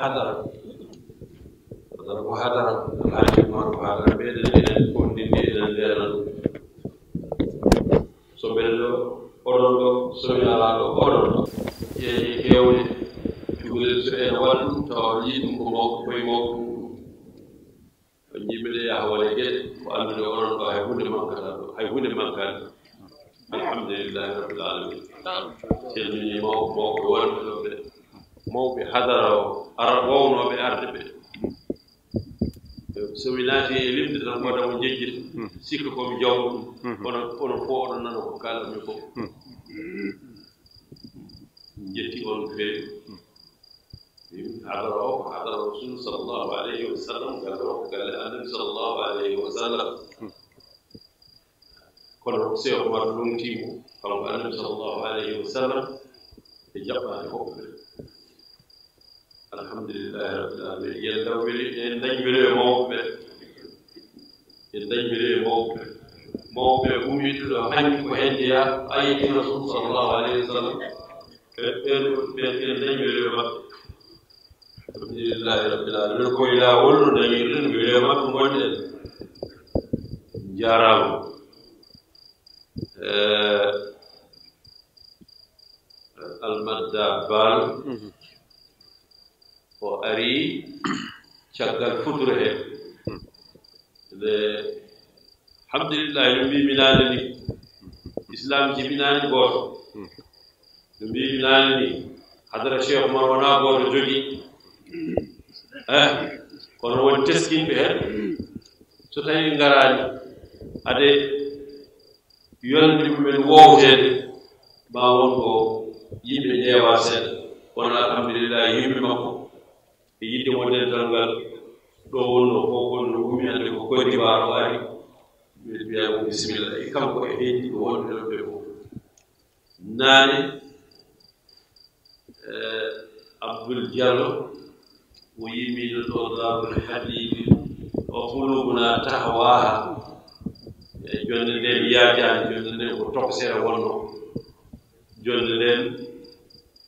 hadara hadara ko hadara alhaji umar ko hadara ɓeɗen enen konndinde enen ndenan so mbeɗen ɗo oɗon ɗo somi ala ɗo oɗon ɗo ƴeeƴe hewde juulel so ene waɗa ɗum tawa yii ɗum ko mawko koye mawko o yimɓe ɗe yaha wone geɗe ko anndude onon ɗo hay hunde mankata ɗo hay hunde mankani alhamdulillahi rabbil alamin calmini mawɓe mawɓe wonɓe ɗo ɓe mawɓe hadara o ara wownoɓe arde ɓe somi naati e limde tan koda mo jejjita sikka komi kono kono fo oɗon nana ko kalanmi ko jetti on no feewi hadara o ko hadara rasul sallllahu alayhi wa sallam galle o ko galle alayhi wa sallam kono se omar lomtimo kanko alhamdulillahi rabbil alamin yéen ndaw bi yéen ndañ bi de moo ëpp yéen ndañ bi de moo ëpp moo ëpp umitul hanj ko hendiya ayiti rasul sallallahu alayhi wa sallam ndañ bi de ma alhamdulillahi rabbil alamin koy laa wollu ndañ bi de ma gonɗen jarama eh, almadda baal mm-hmm. ari caggal futuro he ɓe alhamdulillah no mbimi naane ni islam jibinaani gooto no mbimi naane ni hadara cheikh umar eh, wonaa gooto jogii e kono won teskinɓe heen so tawii ngaraani ade yolde mumen woowteede ma won ko yimɓe ƴeewaa seeɗa kono alhamdulillah yimɓe makko e yidde modental ngal ɗo wonno kokon no wumi hande ko cote d'ivoire o ari mbiɗa mbiya ko bisimilla e kanko e heddi ko wonɓe ɗon ɓe fof naane abdoul diallo o yimino ɗo darul habibi o kulubuna tahwaha e jonde nden yaajani jonde nden ko toksere wonno jonde nden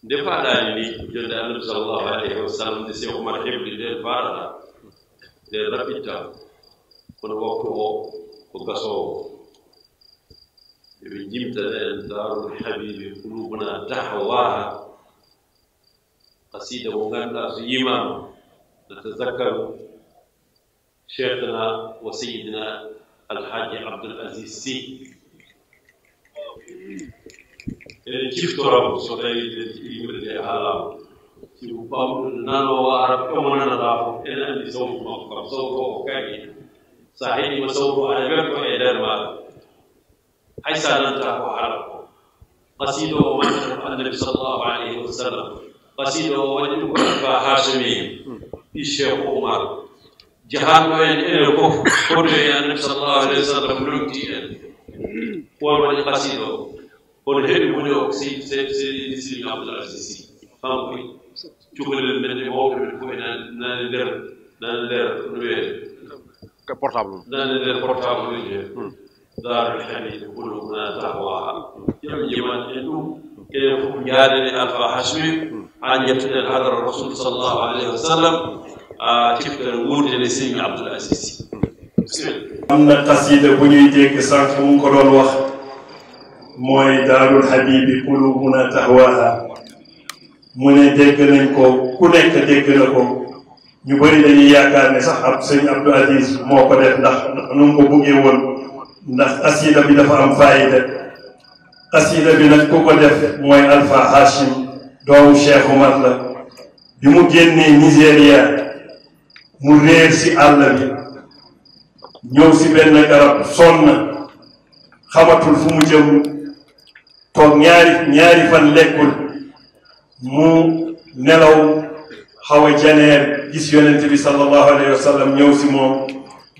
ndefaɗani ni jonde annabi sallllahu alayhi wa sallam nde cheikh oumar hebli nden mbaɗaɗa nden raɓitta kono waktu o ko gasowo eɓe jimtana en darul habibi kulubuna tahwaha qasida mo ganduɗa so yimama natazakkaru cheikhna wa seyidina alhaji abdoul asis sy ciftoraago so tawii yimɓe ɓe haalaama sibu ɓam nanoowo arab emo nanataa fof ene anndi sawru makko kam sawru o ko kañi so a heɗiima sawru aɗa werko e ndeer maaɗa hay so a nantaa ko haala ko qasiido o waɗi ɗum annabi sallllahu alayhi wa sallam qasiido o waɗi ɗum ko alfa hachimien fi cheikh oumar jahanno en ene fof kono e, e annabi sallllahu alayhi wa sallam lomtii en won waɗi qasiido o Kon heri mwenye oksi, se, se, disi ni abdul azisi. Fam kwi. Chukwen le mwenye mwenye mwenye kwenye nan, nan ler, nan ler, nwe. Ke portable. Nan ler portable mwenye. Dar al-hamid, kulu mna tahwa. Yam jiman edu, kaya funyari alfa hasmi, an yatunan hadar rasul sallallahu alaihi wa sallam, a tifkar wurin da sin abdul azisi. Bismillah. Am na tasida bu ñuy dégg sànq mu ko doon wax. mooy daarul habibi qulubuna tahwaha mu ne dégg nañ ko ku nekk dégg na ko ñu bëri dañuy yaakaar ne sax ab sëñ Abdou Aziz moo ko def ndax nu ko buggee woon ndax asida bi dafa am faayida asida bi nag ku ko def mooy Alpha Hashim doomu Cheikh Umar la bi mu génnee Nigéria mu réer si àll bi ñëw si benn garab sonn xamatul fu mu jëm toog ñaari ñaari fan lekkul mu nelaw xaw a janeer gis yonent bi sallallahu alayhi wa ñëw si moom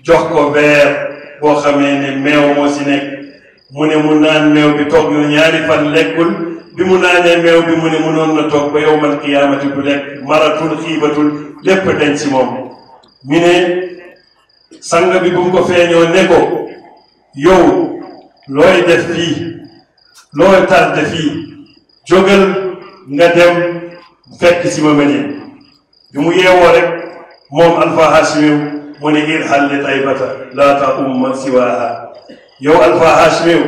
jox ko verre boo xamee ne meew moo si nekk mu ne mu naan meew bi toog na ñaari fan lekkul bi mu naanee meew bi mu ne mu noon na toog ba yowmal qiyaamati du lekk maratul xiibatul lépp dañ si moom ñu ne sang bi bu mu ko feeñoo ne ko yow looy def fii loo tardé fii jógal nga dem fekk si ma Madina bi mu yeewoo rek moom Alpha Hashimiw mu ne irhal li taybata laa ta umma siwaaha yow Alpha Hashimiw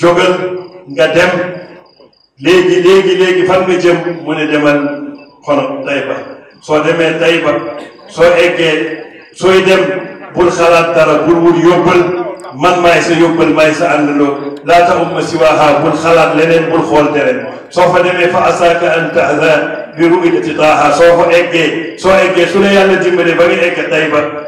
jógal nga dem léegi léegi léegi fan nga jëm mu ne demal xono tayba soo demee tayba soo eggee sooy dem bul xalaat dara bul yóbbal man maay sa yóbbal maay sa àndandoo laa taxum ma siwaaha bul xalaat leneen bul xool tereen soo fa demee fa asaaka an tahza bi ru'yati taaha soo fa eggee soo eggee su la yàlla dimbale ba nga egg tay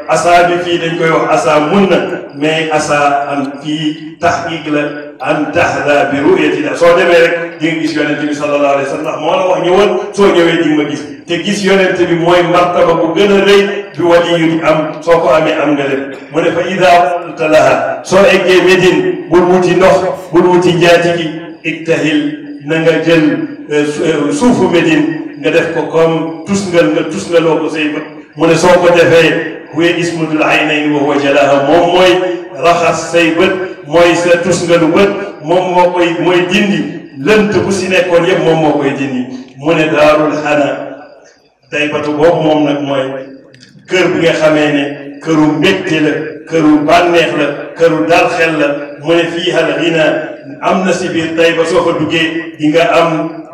asaa bi fii dañ koy wax asaa mun na mais asaa an fii tahqiq la an tahza bi ru'yati soo demee rek di nga gis yonente bi sallallahu alayhi wa sallam moo la wax ñëwal soo ñëwee di nga ma gis te gis yonent bi mooy martaba bu gën a rëy bi wali yu am soo ko ame am nga lépp mu ne fa ida talaha soo eggee Médine bul wuti ndox bul wuti njaati gi iktahil na nga euh, euh, nga def ko comme tusngal nga tusngaloo ko say bët mu ne soo ko defee huwa ismudul wa huwa jalaha moom mooy raxas say bët mooy sa tusngalu bët moom moo koy mooy dindi lënt bu si nekkoon yëpp moom moo koy dindi mu ne daarul xana daybatu boobu moom nag mooy kër bi nga xamee ne këru mbégte la këru bànneex la këru dal xel la mu ne fii xel xina am na si biir tayba soo fa duggee di nga am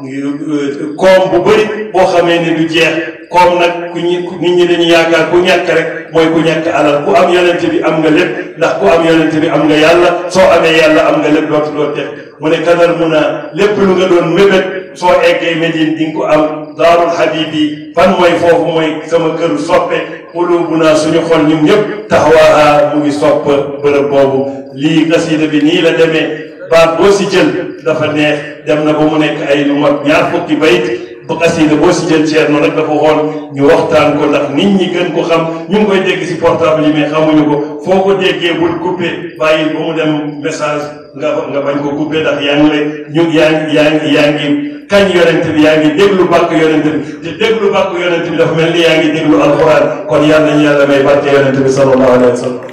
euh, koom bu bëri boo xamee ne du jeex koom nag ku ñu nit ñi dañu yaakaar ku ñàkk rek mooy ku ñàkk alal ku am yonent bi am nga lépp ndax ku am yonent bi am nga yàlla soo amee yàlla am nga lépp dootu doo def mu ne kadar mun a lépp lu nga doon mébét soo eggee Medine di nga ko am daarul habibi fan mooy foofu mooy sama kër soppe xulubu naa suñu xol ñun ñëpp taxawaaha mu ngi sopp bërëb boobu lii xasida bi nii la demee baat boo si jël dafa neex dem na ba mu nekk ay lu mat ñaar fukki bayit bu xasida boo si jël Thierno nag dafa xool ñu waxtaan ko ndax nit ñi gën ko xam ñu ngi koy dégg si portable yi mais xamuñu ko foo ko déggee bul coupé bàyyi ba mu dem message nga nga bañ ko coupé ndax yaa ngi lay ñu yaa ngi yaa ngi yaa ngi kañ yonent bi yaa ngi déglu bàkk yonent bi te déglu bàkk yonent mel ni yaa ngi déglu alxuraan kon yàlla nañu yàlla may barke yonent bi sallallahu alayhi wa sallam